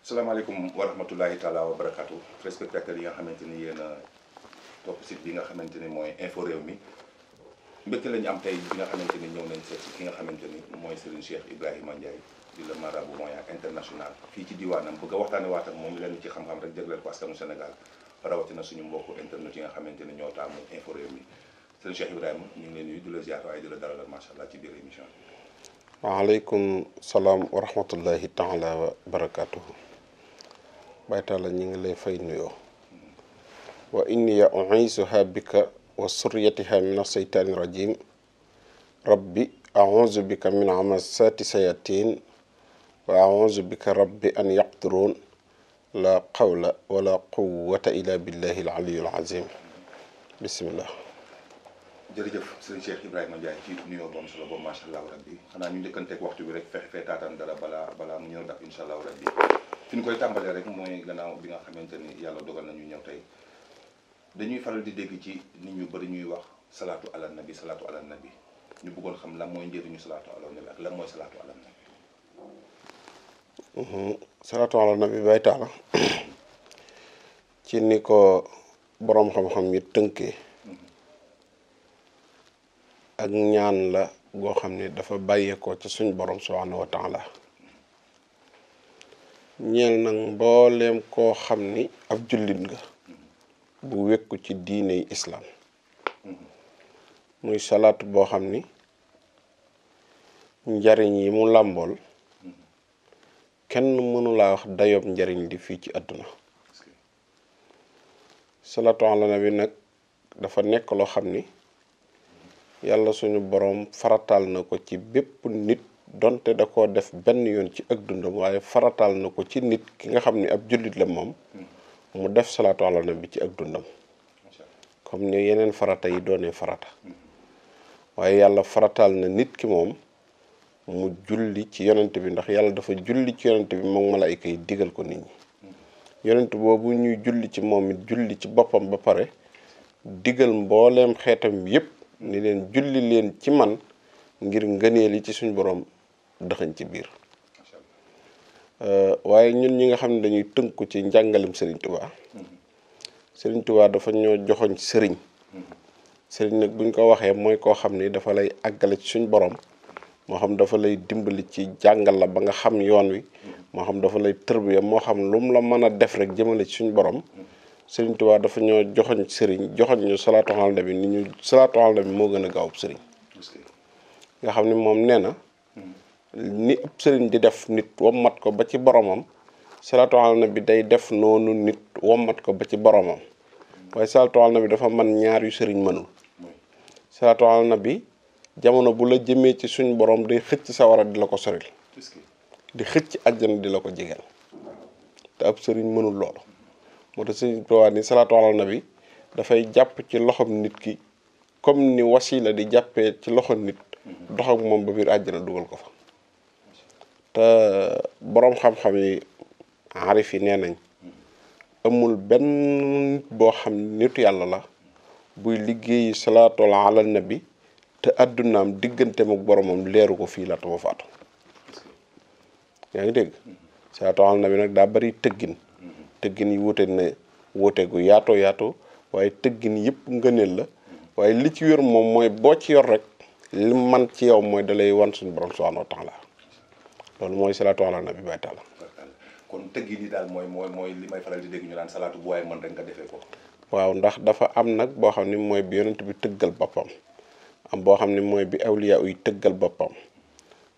Assalamualaikum warahmatullahi taala wabarakatuh. barakatu respectateurs yi nga xamante ni yéen eh, a topp site bi nga xamante ni mooy info réew mi mbégte la ñu am tey bi nga di la marabu internasional. international fii ci diwaanam bëgg a waxtaane waat ak moom lenn ci xam-xam rek jagleel ko askanu Sénégal rawatina suñu sëñ Cheikh Ibrahima ñu ngi leen nuyu di la ziar waaye di la dalal macha allah ci biir émission bi. waaleykum salaam wa rahmatullahi taala wa barakaatuhu. baytaala ñu ngi lay fay nuyoo. wa inni ya u'isuha bika wa surriyatiha min asaytaani rajim rabbi a'uzu bika min amasati sayatin wa a'uzu bika rabbi an yaqturun la qawla wala quwwata illa billahi al aliyyil azim bismillah jërëjëf sëriñ Cheikh Ibrahima Ndiaye ci nuyoo bu am solo boobu macha allah rabbi xanaa ñu njëkkanteeg waxtu bi rek fexe fee taataan dara bala bala mu ñëw dab incha allah rabbi fi ñu koy tàmbalee rek mooy gannaaw bi nga xamante ni yàlla dogal ñu ñëw tey dañuy faral di dégg ci nit ñu bëri ñuy wax salaatu ala nabi salaatu ala nabi ñu bëggoon xam lan mooy njëriñu salaatu ala nabi ak lan mooy salaatu ala nabi. Mhm. salaatu ala nabi bay taala ci ni ko borom xam-xam yi tënkee. ak ñaan la goo xam ne dafa bàyyeekoo ci suñ borom subhanahu wa taala ñeel nag mbooleem koo xam ni ab jullit nga bu wekku ci diiney islaam muy salaat boo xam ni njariñ yi mu làmbool kenn mënulaa wax dayob njariñ li fii ci àdduna salaatu ala nabi nag dafa nekk loo xam ni yàlla suñu borom farataal na ko ci bépp nit donte da koo def benn yoon ci ak dundam waaye farataal na ko ci nit ki nga xam ni ab jullit la moom mu def salaatu na nabi ci ak dundam comme ni yeneen farata yi doonee farata waaye yàlla farataal na nit ki moom mu julli ci yonent bi ndax yàlla dafa julli ci yonent bi moom malaayka yi digal ko nit ñi yonent boobu ñuy julli ci moom it julli ci boppam ba pare digal mbooleem xeetam yépp ni leen julli leen ci man ngir ngëneel yi ci suñu boroom dëxañ ci biir waaye ñun ñi nga xam ne dañuy tënku ci njàngalem sëriñ Touba mm-hmm. Serigne Touba dafa ñoo joxoñ sëriñ mm-hmm. sëriñ nag buñ ko waxee mooy koo xam ni dafa lay àggale ci suñu borom moo xam dafa lay dimbali ci jàngal la ba nga xam yoon wi mm-hmm. moo xam dafa lay tërbiya moo xam lu mu la mën a def rek jëmale ci suñu borom Sëriñ Tuubaa dafa ñoo joxoñ sëriñ joxoñ ñu salaatu alal nabi ni ñu salaatu alal bi moo gën a gaaw ab sëriñ nga xam ne moom nee na hmm. ni ab sëriñ di def nit wammat ko ba ci boromam salaatu alal bi day def noonu nit wammat ko ba ci boromam waaye salaatu alal nabi dafa man ñaar yu sëriñ mënul salaatu na bi jamono bu la jëmee ci suñ borom day xëcc sawara di la ko soril di xëcc àjjana di la ko jegeel te ab sëriñ mënul loolu moo tax Sëriñ Tuubaa ni salaatu ala nabi dafay jàpp ci loxoom nit ki comme ni wasila di jàppee ci loxo nit dox moom ba biir àjjana dugal ko fa te boroom xam-xam yi arif yi nee nañ amul benn nit boo xam nitu yàlla la buy liggéeyi salaatul ala nabi te àddunaam diggante ak boromam leeru ko fii laata ma faatu yaa ngi dégg mm-hmm. salaatul ala nabi nag daa bari tëggin tëggin yi wuute na wuute gu yaatoo yaato waaye tëggin yëpp ngëneel la waaye li ci wér moom mooy boo ci yor rek li man ci yow mooy dalay wan suñu borom subhanahu wa taala loolu mooy salaatu ala nabi bay taala kon tëggin yi daal mooy mooy mooy li may faral di dégg ñu naan salaatu bu ko. waaw ndax dafa am nag boo xam ni mooy bi yonent bi tëggal boppam am boo xam ni mooy bi awliya yi tëggal boppam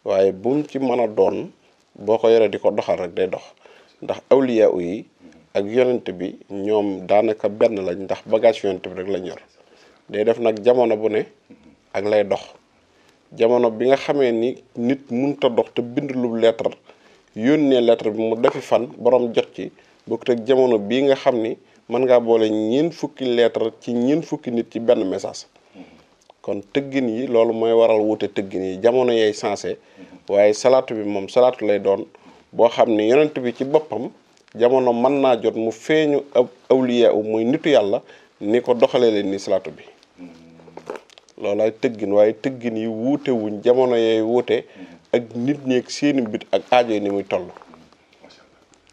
waaye bu ci mën a doon boo ko yoree di ko doxal rek day dox ndax awliya yi ak yonent bi ñoom daanaka benn lañ ndax bagage yonent bi rek lañ yor day def nag jamono bu ne ak lay dox jamono bi nga xamee ni nit mënut dox te bind lu lettre yónnee lettre bi mu defi fan borom jot ci bokk teg jamono bii nga xam ni mën ngaa boole ñeen fukki lettre ci ñeen fukki nit ci benn message kon tëggin yi loolu mooy waral wuute tëggin yi jamono yay sensé waaye salaatu bi moom salaatu lay doon boo xam ni yonent bi ci boppam jamono mën naa jot mu feeñu ab awliya u muy nitu yàlla ni ko doxalee leen ni salaatu bi loolu loolaay tëggin waaye tëggin yi wuute wuñ jamono yee wuute ak nit ñeeg seeni bit ak aajo yi ni muy toll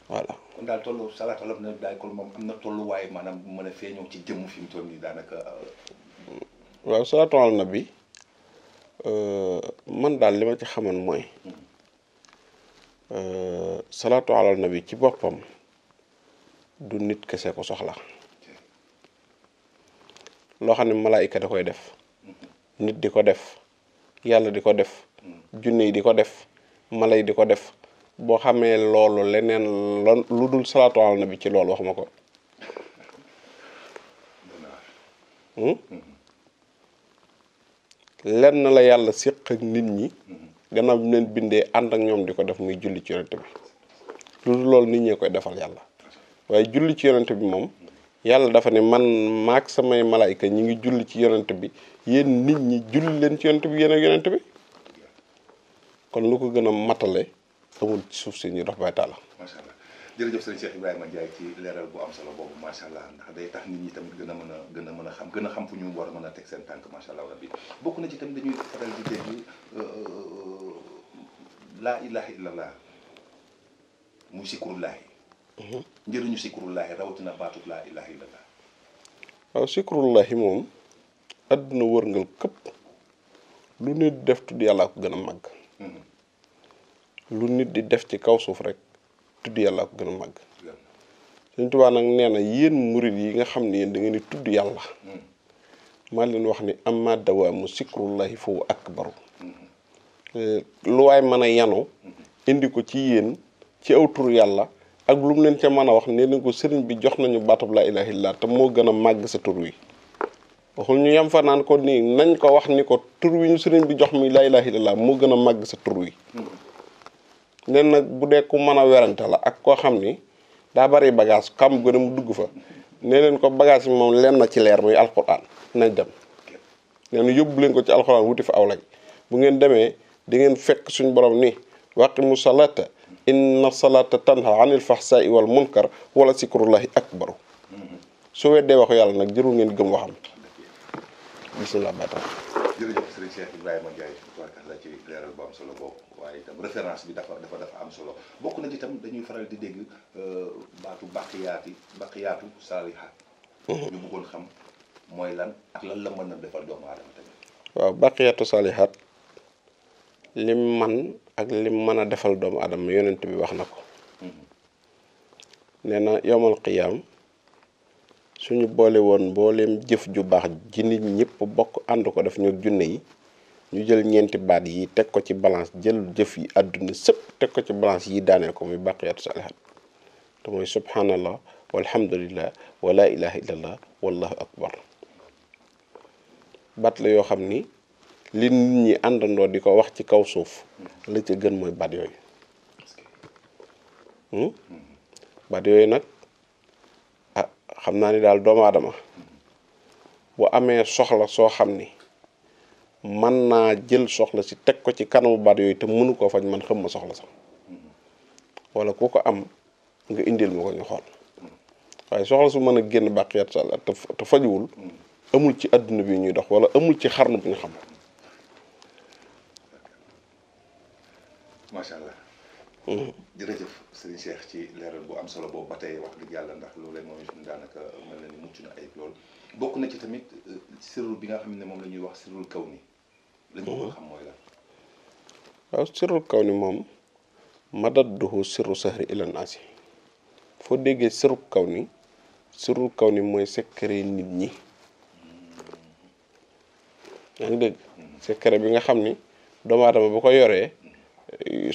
voilà. kon daal tollu salaatu alam na daal am na tolluwaay maanaam mën a feeñoo ci jëmm fi mu toll nii daanaka. Euh. Euh, man daal li ma ci xaman mooy. Hmm. Eh, salatu alal nabi ci boppam du nit kese ko soxla loo xam ne malaika da koy def nit di ko def yàlla di ko def junne yi di ko def mala yi di ko def boo xamee loolu leneen lu dul salatu alal nabi ci loolu waxuma ko hmm? lenn la yàlla siq nit ñi gana bi leen bindee ànd ak ñom diko def muy julli ci yonent bi loolu lool nit ñee koy defal yalla waaye julli ci yonent bi mom yalla dafa ne man maak samay malaika ñi ngi julli ci yonent bi yeen nit ñi julli leen ci yonent bi yeen ak yonent bi kon lu ko gëna matalé amul ci suuf ci ñu dox bay taala macha allah jërëjëf sëriñ Cheikh Ibrahima jaay ci leeral bu am solo bobu ma sha allah ndax day tax nit ñi tamit gëna mëna gëna mëna xam gëna xam fu ñu war mëna tek seen tank ma sha allah rabbi bokku na ci tamit dañuy faral di dégg euh, la ilaha illallah muy sikrullahi mhm. njëriñu sikrullahi rawatina baatub la ilaha illallah waaw sikrullahi moom àdduna wërngal kep lu nit def tuddi yalla ko gëna mag mhm. lu nit di def ci kaw suuf rek tuddi yalla ko gëna mag màgg nak neena yeen mourid yi nga xamni yeen da ngeen di tudd yàlla mhm. maa leen wax ni amma akbaru Euh, lu waay mën a yanu indi ko ci yéen ci aw tur yàlla ak lu leen ca mën a wax nee ko sëriñ bi jox nañu baatub laa ilaaha illallaah te moo gën a màgg sa tur wi waxul ñu yem fa naan ko nii nañ ko wax ni ko tur wi sëriñ bi jox mi laa ilaaha illallaah moo gën a màgg sa tur wi leen nag bu dee ku mën a werante la ak koo xam ni daa bari bagage kam gën a mu dugg fa nee leen ko bagage yi moom leen na ci leer muy alxuraan nañ dem nee yóbbu leen ko ci alxuraan wuti fa aw lañ bu ngeen demee di ngeen fekk suñu borom ni waqimu salata inna salata tanha anil fahsai wal munkar wala sikrullahi akbaru su weddee waxu yàlla nag jërul ngeen gëm waxam bisimilah baatam jërëjëf sëriñ Cheikh Ibrahima Ndiaye tubaarkalla ci am solo boobu waaye itam référence bi dafa dafa dafa am solo bokk na dañuy faral di dégg euh, baatu bàqiyaati bàqiyaatu saalihaat mhm. ñu mooy lan lan la mën a defal doomu lim man ak lim mën a defal doomu adama yonent bi wax na ko mm-hmm. nee na yomal qiyaam suñu boole woon mbooleem jëf ju baax ji nit ñëpp bokk ànd ko def ñoo junne yi ñu jël ñeenti baat yi teg ko ci balance jël jëf yi àdduna sëpp teg ko ci balance yi daanee ko muy baqiyatu sa te mooy subhanallah walhamdulillah wa la ilaha illallah wallahu akbar baat la yoo xam ni li nit ñi andando di wax ci kaw suuf la ci gën mooy baat yooyu hmm? baat yooyu ah xamna ni daal doomu adama bu amé soxla so xamni man na jël soxla si tek ko ci kanamu bad yoy te mënu ko fañ man xam ma soxla sax wala ku ko am nga indil mako ñu xol way soxla su mëna genn génn bàqiyat sa te fajuwul amul ci aduna bi ñuy dox wala amul ci xarnu bi ñu xam macha allah. Mm-hmm. jërëjëf Serigne Cheikh ci leeral boo am solo boobu ba tey wax dëgg yàlla ndax loolee moom itam daanaka mel na ni mucc na ayib lool bokk na ci tamit euh, sirul bi nga xam ne moom la ñuy wax sirul kaw ni la kaw ni moom madad duhu siru sahri ilan foo déggee sëru kaw ni sirul kaw ni mooy secret nit ñi mm-hmm. yaa ngi dégg mm-hmm. secret bi nga xam ni doomu aadama boo ko yoree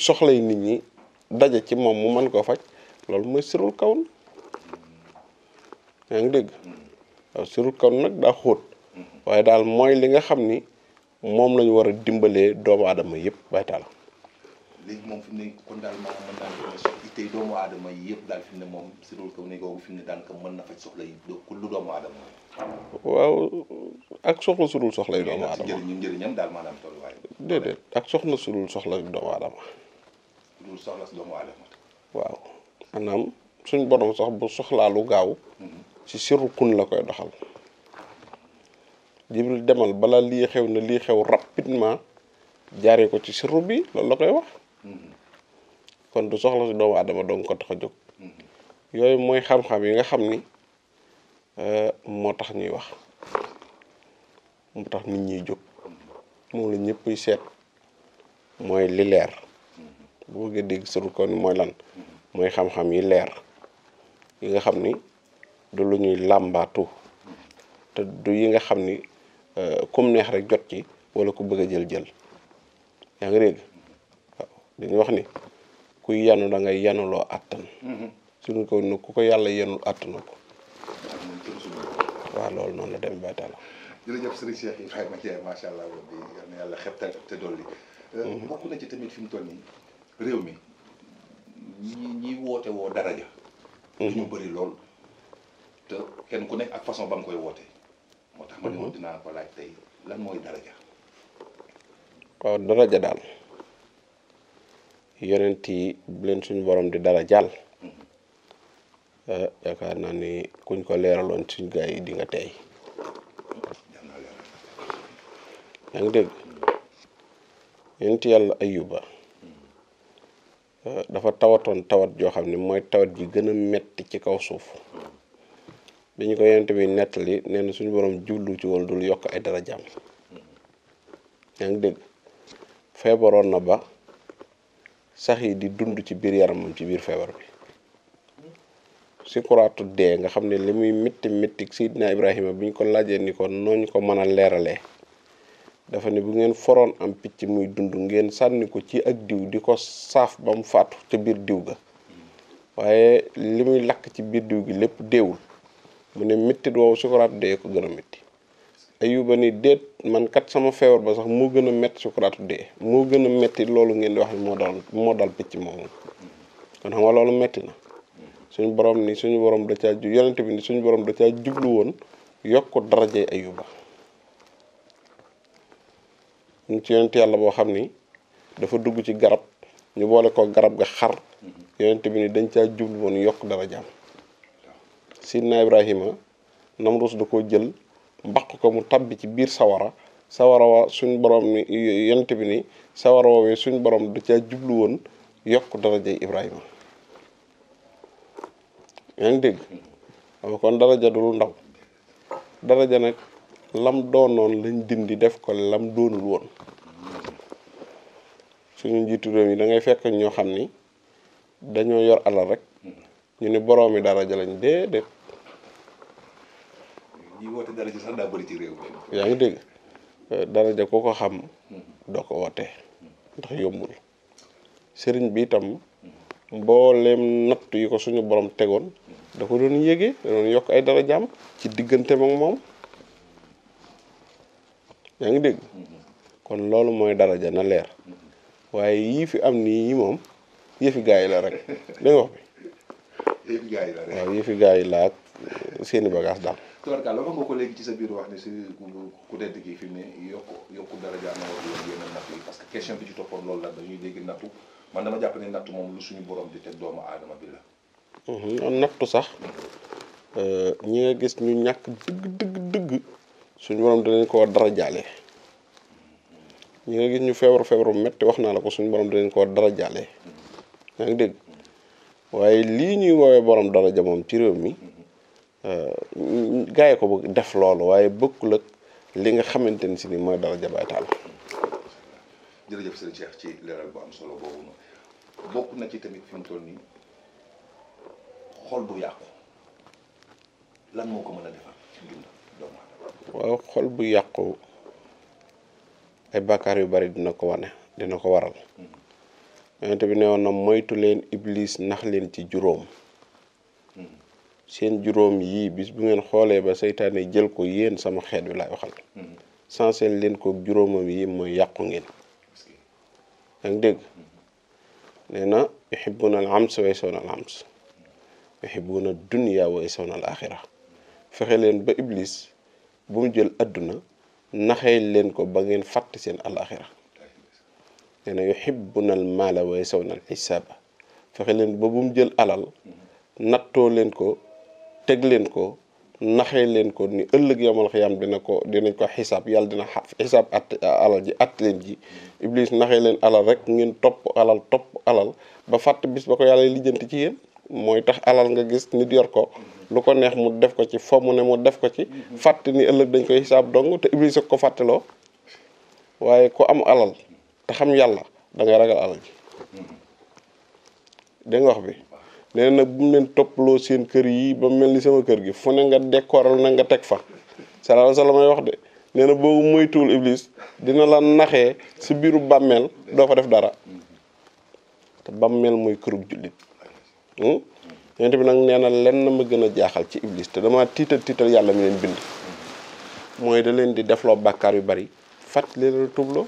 soxlay nit ñi daje ci moom mu mën koo faj loolu mooy sirul kaw yaa ngi dégg waaw sirul nag daa xóot waaye daal mooy li nga xam ni moom lañu war a dimbalee doomu aadama yëpp bay taal tey doomu aadama yi yëpp daal fi mu ne moom si loolu kaw ne googu fi mu ne daanaka mën na faj soxla yi ku lu doomu aadama waaw ak soxla su dul soxla yu doomu aadama njëriñam njëriñam daal maanaam tolluwaay déedéet ak soxla su dul soxla yu doomu aadama dul soxla si doomu aadama waaw maanaam suñ borom sax bu soxlaa lu gaaw si siru kun la koy doxal jibril demal bala lii xew na lii xew rapidement jaaree ko ci siru bi loolu la koy wax kon du soxla ci doomu adama dong ko tax a jóg yooyu mooy xam-xam yi nga xam ni euh, moo tax ñuy wax moo tax nit ñiy jóg moom la ñëpp seet mooy li leer bu bëggee dégg suru ko ni mooy lan mooy xam-xam yi leer yi nga xam ni du lu ñuy làmbaatu te du yi nga xam ni euh, kum neex rek jot ci wala ku bëgg a jël jël yaa nga dégg waaw dañuy wax ni ku yanu da ngay lo attan mm-hmm. suñu ko nu ku ko yàlla yenul attanu ko waaw loolu noonu la dem baytala jërëjëf sëriñ Cheikh Ibrahima allah bi yal na yàlla te dolli mm-hmm. bokk na ci tamit fi mu mi ñi ñi daraja mm-hmm. ñu bëri lool te kenn ku nekk ak façon ba koy woote moo ma ne ko laaj lan daraja waaw daraja dal yonent yi bu len suñu borom di dara jall mm-hmm. euh yaakaar na ni kuñ ko leralon suñu gars di nga tay yaa ngi dégg mm-hmm. yonent yàlla ayuba mm-hmm. eh, dafa tawaton tawat jo xamni moy tawat ji gëna metti ci kaw suuf biñ ko yonent bi netali neena suñu borom jullu ci wol dul yok ay dara jàmm yaa ngi dégg na ba sax yi di dund ci biir yaramam ci biir feebar bi sikuraatu dee nga xam ne li muy métti métti sidina ibrahima biñ ko laajee ni ko noñ ko mën a leeralee dafa ne bu ngeen foroon am picc muy dund ngeen sànni ko ci ak diw di ko saaf ba mu faatu ca biir diw ga waaye li muy lakk ci biir diw gi lépp deewul mu ne méttit woowu sikuraatu dee ko gën a métti ayuba ni det man kat sama fever, ba sax mo gëna met sukratu de mo gëna metti lolu ngeen di wax ni moo dal mo dal kon xam nga lolu metti na suñu borom ni suñu borom da ca ju yonent bi ni suñu borom da caa jublu woon daraje ayuba ñu ci yonent yalla bo xamni ni dafa dugg ci garab ñu boole ko garab ga xar yonent bi ni dañ caa jublu woon yokk na ibrahima namrus da ko jël Bakku ko mu tabbi ci biir sawara sawara wa suñ borom ni yent bi ni sawara wa suñ borom du ca jublu won yok darajay ibrahim yaa ngi dégg xam kon daraja ndaw daraja nak lam doonon lañ dindi def ko lam doonul won suñu jitu rew ni da ngay fekk ño xamni ni dañoo yor ala rek ñu ni mi daraja lañ déedéet di woote daraja sax daa bëri ci réew yaa ya, ngi dégg daraja ko ko xam doo ko woote ndax yombul sëriñ bi itam mboolem natt yi ko suñu borom tegoon da ko doon yéegee da doon yokk ay darajaam ci diggante ak moom yaa ngi dégg kon loolu mooy daraja na leer waaye yii fi am nii yi moom yëfi gaay la rek da nga wax bi yëfi gaay la rek waaw gaay la ak bagage daal tubarkal la ko ko kan léegi ci sa biir wax ne si ku tedd kii fi mu ne yokku yokku dara jaar na war yoon yenn natt yi parce que question bi ci toppoon loolu la dañuy dégg nattu man dama jàpp ne nattu moom lu suñu borom di teg doomu aadama bi la nattu sax ñi nga gis ñu ñàkk dëgg dëgg dëgg suñu borom dinañ ko dara jaale ñi nga gis ñu feebar feebaru metti wax na la ko suñu borom dinañ ko dara jaale yaa ngi dégg waaye ñuy woowee borom dara ja ci mi Euh, gaay ko bëgg def loolu waaye bokkul ak li nga xamante ni si ni mooy dara jabaay taal. ci leeral bu am solo boobu noonu xol bu waaw xol bu yàqu ay bàkkaar yu bari dina ko wane dina ko waral. Mm-hmm. yonent bi ne woon moytu leen iblis nax leen ci juróom. seen juróom yii bis bu ngeen xoolee ba seytaane jël ko yéen sama xeet wi laay waxal sans sanseel leen ko juróomam yi mooy yàqu ngeen danga dégg nee na yuhibbuna al ams wa yasoona al ams yuhibbuna dunya wa yasoona al axira fexe leen ba iblis bu mu jël adduna naxee leen ko ba ngeen fàtte seen al axira nee na yuhibbuna al maala wa yasoona al xisaaba fexe leen ba bu mu jël alal nattoo leen ko teg leen ko naxee leen ko ni ëllëg yamal xiyam dina ko dinañ ko xisaab yàlla dina xisaab at alal ji at leen ji iblis naxee leen alal rek ngeen topp alal topp alal ba fàtt bis ba ko yàlla lijjanti ci yéen mooy tax alal nga gis nit yor ko lu ko neex mu def ko ci fo mu ne mu def ko ci fàtt ni ëllëg dañ koy xisaab dong te iblis ak ko fàttaloo waaye ko am alal te xam yàlla da ngay ragal alal ji dégg bi nee nag bu mu leen toppaloo seen kër yi ba mel ni sama kër gi fu ne nga décoral na nga teg fa may wax de nee na boobu moytuwul iblis dina la naxee si biiru bàmmeel doo fa def dara te bàmmeel mooy kërug jullit hmm? yonent bi nag nee na lenn ma gën a ci iblis te dama tiital tiital yàlla mi leen bind mooy da leen di defloo bàkkaar yu bari fat la tubloo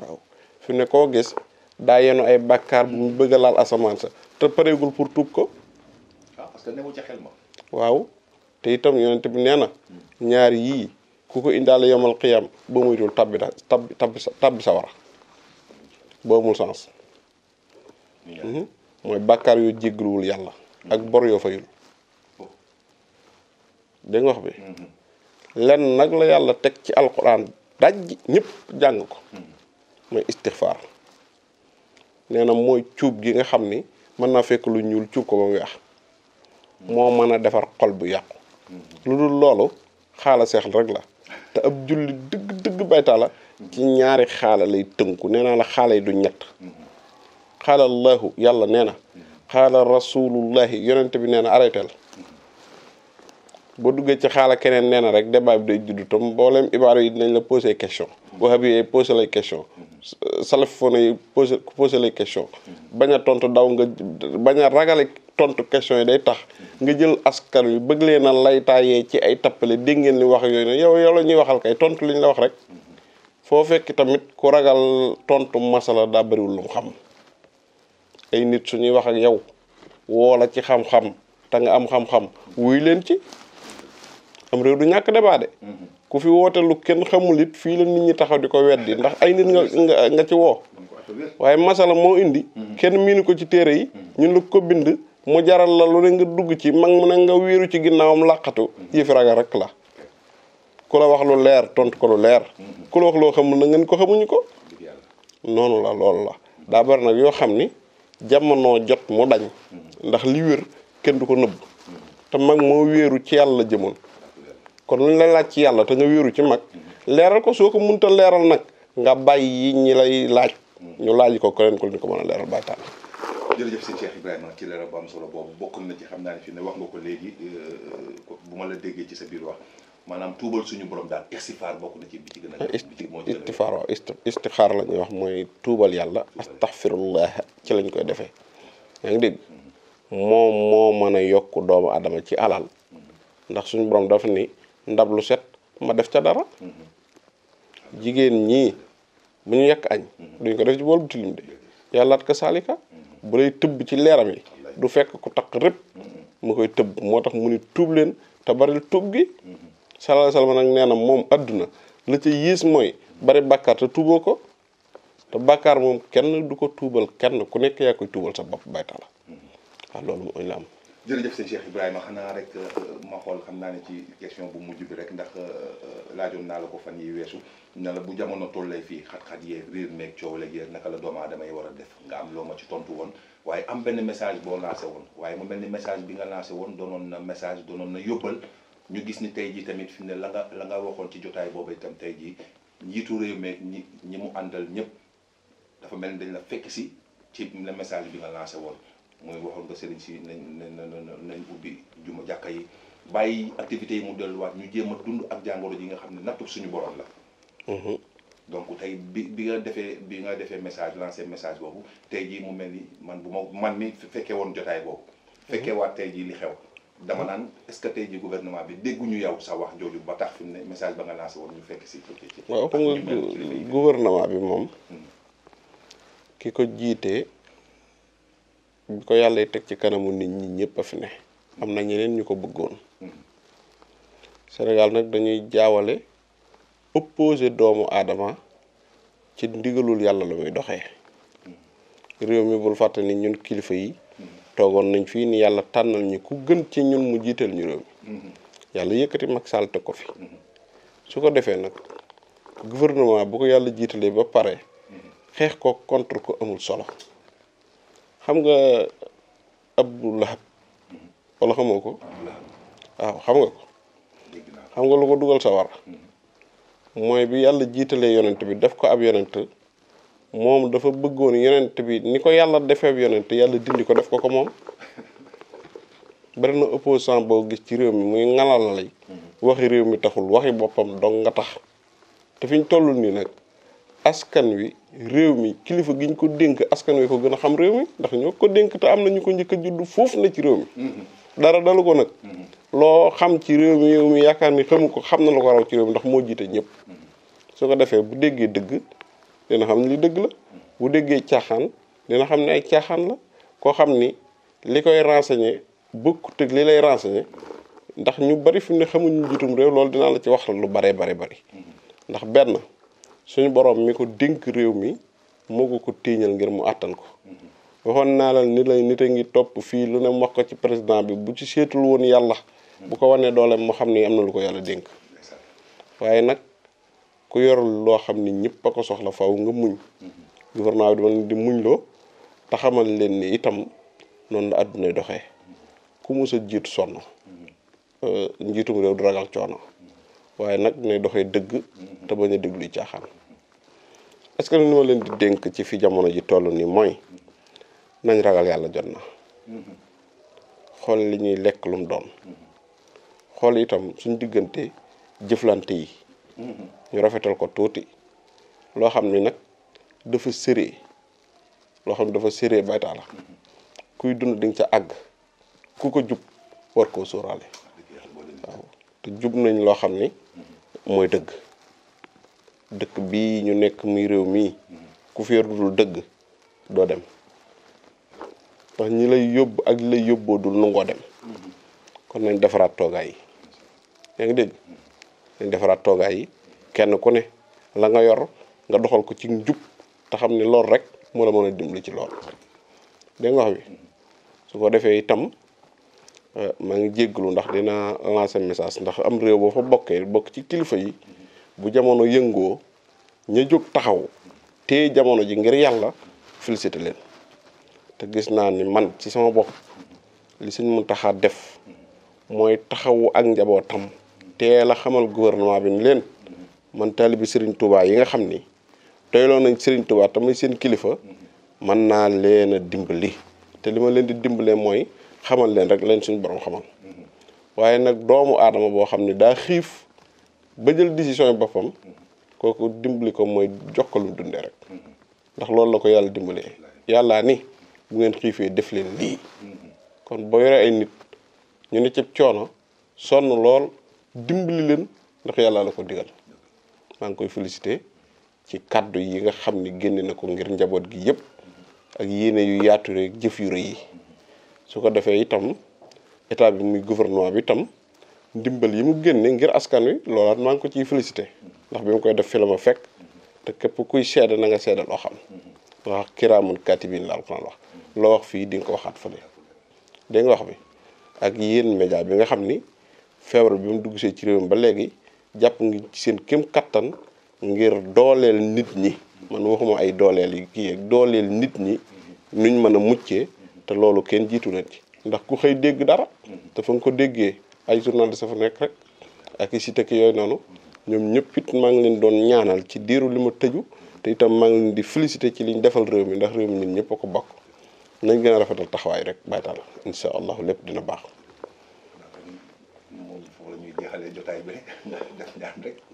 waaw fi ne koo gis daa yenu ay bàkkaar bu mu bëgg a laal asamaan sa te pareegul pour tuub ko. waaw ah, parce que newu ci xel ma. waaw te itam yonent bi nee na ñaar yii ku ko indaale yomal xiyam boo moytuwul tabbi sens. Mhm. mooy bàkkaar yoo jéggaluwul yàlla. ak bor yoo fayul. Oh. dégg nga wax bi. Mhm. lenn nag la yàlla teg ci alquran daj ñëpp jàng ko. Mhm. mooy istixfaar. nee na mooy cuub gi nga xam ni mën naa fekk lu ñuul cuub ko ba mu weex moo mën a defar xol bu yàqu lu dul loolu xaala seex rek la te ab julli dëgg dëgg baytaa la ci ñaari xaala lay tënku nee naa la xaala yi du ñett xaala allahu yàlla nee na xaala rasulullahi yonente bi nee na arrêtel boo duggee ci xaala keneen nee na rek débat bi day judd tam mboolem ibaaru yi dinañ la posé question wahhabi yi posé lay question salafone yi posé posé lay question bañ a tontu daw nga bañ a ragale tontu question yi day tax nga jël askan wi bëgg leen laytaa laytaayee ci ay tappale dégg ngeen li wax yooyu ne yow yow ñuy waxal kay tontu li ñu la wax rek foo fekk tamit ku ragal tontu masala daa bëriwul lu mu xam ay nit suñuy wax ak yow woo la ci xam-xam te nga am xam ci am rew du ñak débat dé mhm. ku fi woote lu kenn xamul it fi la nit ñi taxaw di wéddi ndax ay nit nga nga ci wo waye masala mo indi mhm. kenn minu ko ci téré yi mhm. ñun lu ko bind mu jaral la lu ne nga dugg ci mag mu ne nga wéeru ci ginnaawam làqatu yëfi ragal rek la ku la wax lu leer tont ko lu leer ku la wax loo xamul na ngeen ko xamuñu ko noonu la loolu la nag yoo xam jamono jot mu dañ ndax li wér kenn du ko nëbb te mag moo wéeru ci yàlla jëmoon kon luñ la laaj ci yàlla te nga wéeru ci mag leeral ko soo ko mënta leeral nag nga bàyyi ñi lay laaj ñu laaj ko keneen ko ñu ko mën a leeral bàyyi tànn jërëjëf sëñ ci leeral bu am solo boobu bokk na ci xam naa ne wax nga ko léegi euh, bu ma la déggee ci sa biir wax maanaam tuubal suñu borom daal istifaar bokk na ci bi ci gën a istifaar waaw istixaar la ñuy wax mooy tuubal yàlla astaxfirullah ci lañ koy defee yaa ngi dégg mm-hmm. moom moo mën a yokk doomu adama ci alal mm-hmm. ndax suñu borom dafa ni ndab lu set ma def ca dara jigéen ñi bu ñu yekk añ duñ ko def ci bool bu tilim de yàllaat ka saalika bu lay tëbb ci leeram yi du fekk ku takk rëpp mu koy tëb moo tax mu ni tuub leen te baril tuub gi sallallahu alayhi wa sallam nag nee na moom adduna la ca yiis mooy bari bàkkaar te tuuboo ko te bàkkaar moom kenn du ko tuubal kenn ku nekk yaa koy tuubal sa bopp bayta la waaw loolu mooy la am jër jërëjëf sëñ Cheikh Ibrahima xanaa rek euh, ma xool xam naa ne ci question bu mujj bi rek ndax euh, laajoon naa la ko fan yi weesu na la bu jamono tollee fii xat-xat yeeg réer meeg coow la yeeg naka la doomu aadama yi war a def nga am loo ma ci tontu woon waaye am benn message boo lancé woon waaye mu mel ni message bi nga lancé woon doonoon na message doonoon na yóbbal ñu gis ni tey jii tamit fi ne la nga la nga waxoon ci jotaay boobu itam tey jii njiitu réew meeg ñi ñi mu àndal ñëpp dafa mel ni dañ la fekk si ci le message bi nga lancé woon. mooy waxon nga serigne ci nañ nañ nañ ubbi juma jakkay bayyi activité yi mu delu wat ñu jema dund ak jangoro ji nga xamni natuk suñu borom la. Mhm. donc tay bi nga défé bi nga défé message lancer message bobu tay ji mu melni man bu man mi féké won jotay bobu mhm. féké wat tay ji li xew. dama nan est-ce que tay ji gouvernement bi déggu ñu yaw sa wax joju ba tax fi message ba nga lancer won ñu fekk ci waaw gouvernement bi mom hmm. kiko jité bi ko yàlla teg ci kanamu nit ñi ñëpp a fi ne am na ñeneen ñu ko bëggoon Sénégal nag dañuy jaawale opposé doomu aadama ci ndigalul yàlla la muy doxee réew mi bul fàtte ni ñun kilifa yi toogoon nañ fii ni yàlla tànnal ñi ku gën ci ñun mu jiital ñu réew mi yàlla yëkkati mag Sall ko fi su ko defee nag gouvernement bu ko yàlla jiitalee ba pare xeex ko contre ko amul solo xam nga Abdou Lahab wala xamoo ko waaw xam nga ko xam nga lu ko dugal sawar mooy bi yàlla jiitalee yonent bi def ko ab yonent moom dafa bëggoon yonent bi ni ko yàlla defee ab yonent yàlla dindi ko def ko ko moom bari na opposant boo gis ci réew mi muy ngalal lay mm-hmm. waxi réew mi taxul waxi boppam dong nga tax te fiñ ñu toll nii nag askan wi réew mi kilifa gi ñu ko dénk askan wi ko gën a xam réew mi ndax ñoo ko dénk te am na ñu ko njëkk a judd foofu na ci réew mi. Mm-hmm. dara dalu ko nag. Mm-hmm. loo xam ci réew mi réew mi yaakaar ni xamu ko xam na lu ko raw ci réew ndax moo jiite ñëpp. Mm-hmm. su ko defee bu déggee dëgg dina xam ne dëgg la bu déggee caaxaan dina xam ne ay caaxaan la koo xam ni li koy renseigner bokkut ak li lay renseigner ndax ñu bari fi mu ne xamuñu njiitum réew loolu dinaa la ci wax lu baree bari bari ndax benn. suñu borom mi ko dénk réew mi moo ko ko tiiñal ngir mu àttan ko waxoon naa la ni lay nit a ngi topp fii lu ne wax ko ci président bi bu ci seetul woon yàlla bu ko wanee dooleem moo xam ne am na lu ko yàlla dénk waaye nag ku yorul loo xam ni ñëpp a ko soxla faw nga muñ gouvernement bi muñ loo taxamal leen ni itam noonu la àdduna doxe ku mos a jiitu sonn euh, njiitum réew du ragal coono waaye nag nay doxee dëgg te bañ a déglu caaxaan est ce que li ma leen di dénk ci fi jamono ji toll nii mooy nañ ragal yàlla jot na xool li ñuy lekk lu doon xool itam suñ diggante jëflante yi ñu rafetal ko tuuti loo xam ni nag dafa séree loo xam ne dafa séree baytaala kuy dund di ca àgg ku ko jub war koo sóoraale waaw te jub nañ loo xam ni mooy dëgg dëkk bii ñu nekk muy réew mii ku fi yorul dëgg doo dem ndax ñi lay yóbbu ak li lay yóbboo dul nangoo dem kon nañ defaraat toogaay yi yaa ngi nañ defaraat toogaay yi kenn ku ne la nga yor nga doxal ko ci njub te xam ne lool rek moo la mën a dimbali ci lool dégg nga wax bi su ko defee itam Ah, maa ngi jégglu ndax dinaa lancer message ndax am réew boo fa bokkee bokk ci kilifa yi bu jamono yëngoo ña jóg taxaw te jamono ji ngir yàlla félicité leen te gis naa ni man ci sama bopp li Sëñ Muntaxa def mooy taxawu ak njabootam te la xamal gouvernement bi ni leen man taalibi Serigne Touba yi nga xam ni doyloo nañ Serigne Touba tamit seen kilifa mën naa leen a dimbali te li ma leen di dimbalee mooy. xamal leen rek leen suñu borom xamal waaye nag doomu aadama boo xam ne daa xiif ba jël décision yi boppam kooku dimbali ko mooy jox ko lu dundee rek ndax loolu la ko yàlla dimbalee yàllaa ni bu ngeen xiifee def leen lii kon boo yoree ay nit ñu ne ci coono sonn lool dimbali leen ndax yàlla la ko digal maa ngi koy félicité ci kàddu yi nga xam ne génne na ko ngir njaboot gi yëpp ak yéene yu yaatu rek jëf yu rëy yi su ko defee itam état bi muy gouvernement bi itam ndimbal yi mu génne ngir askan wi loolaat maa ngi ko ciy félicité ndax bi mu koy def fi la ma fekk te képp kuy seede na nga seede loo xam wax kiraamun katibin la alquran wax loo wax fii di nga ko waxaat fële dégg nga wax bi ak yéen média bi nga xam ni feebar bi mu dugg see ci réewam ba léegi jàpp ngi ci seen kem kattan ngir dooleel nit ñi man waxuma ay dooleel yi kii ak dooleel nit ñi nuñ mën a muccee te loolu kenn jiitu leen ci ndax ku xëy dégg dara te fa ko déggee ay journaliste fa nekk rek ak i site yooyu noonu ñoom ñëpp it maa ngi leen doon ñaanal ci diiru li ma tëju te itam maa di félicité ci liñ defal réew mi ndax réew mi ñun ñëpp ko bokk nañ gën a rafetal taxawaay rek baytaal incha allahu lépp dina baax.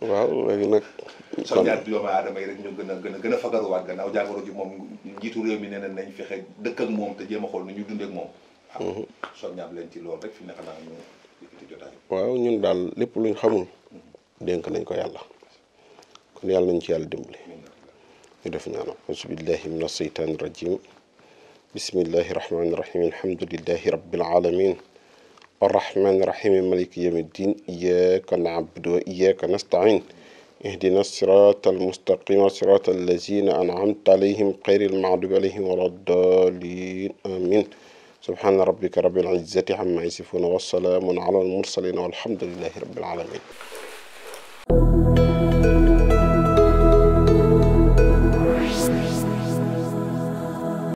waaw léegi nag. so ñaar bi doomu aadama yi rek ñu gën a gën a gën a fagaruwaat gannaaw jàngoro ji moom njiitu réew mi nee na nañ fexe dëkk ak moom te jéem a xool nu ñu dundeek moom waaw so ñaar leen ci loolu rek fi ne xanaa ñu yëkkati jotaay waaw ñun daal lépp luñ xamul dénk nañ ko yàlla kon yàlla nañ ci yàlla dimbali ñu def ñaanam asubillahi min asheytaan irajim bismillahi irrahmani irrahim alhamdulillahi rabbil alamin arrahmani irrahim maliki yawmi ddin iyaka na'budu wa iyaka nasta'in اهدنا الصراط المستقيم صراط الذين أنعمت عليهم غير المغضوب عليهم ولا الضالين آمين سبحان ربك رب العزة عما يصفون والسلام على المرسلين والحمد لله رب العالمين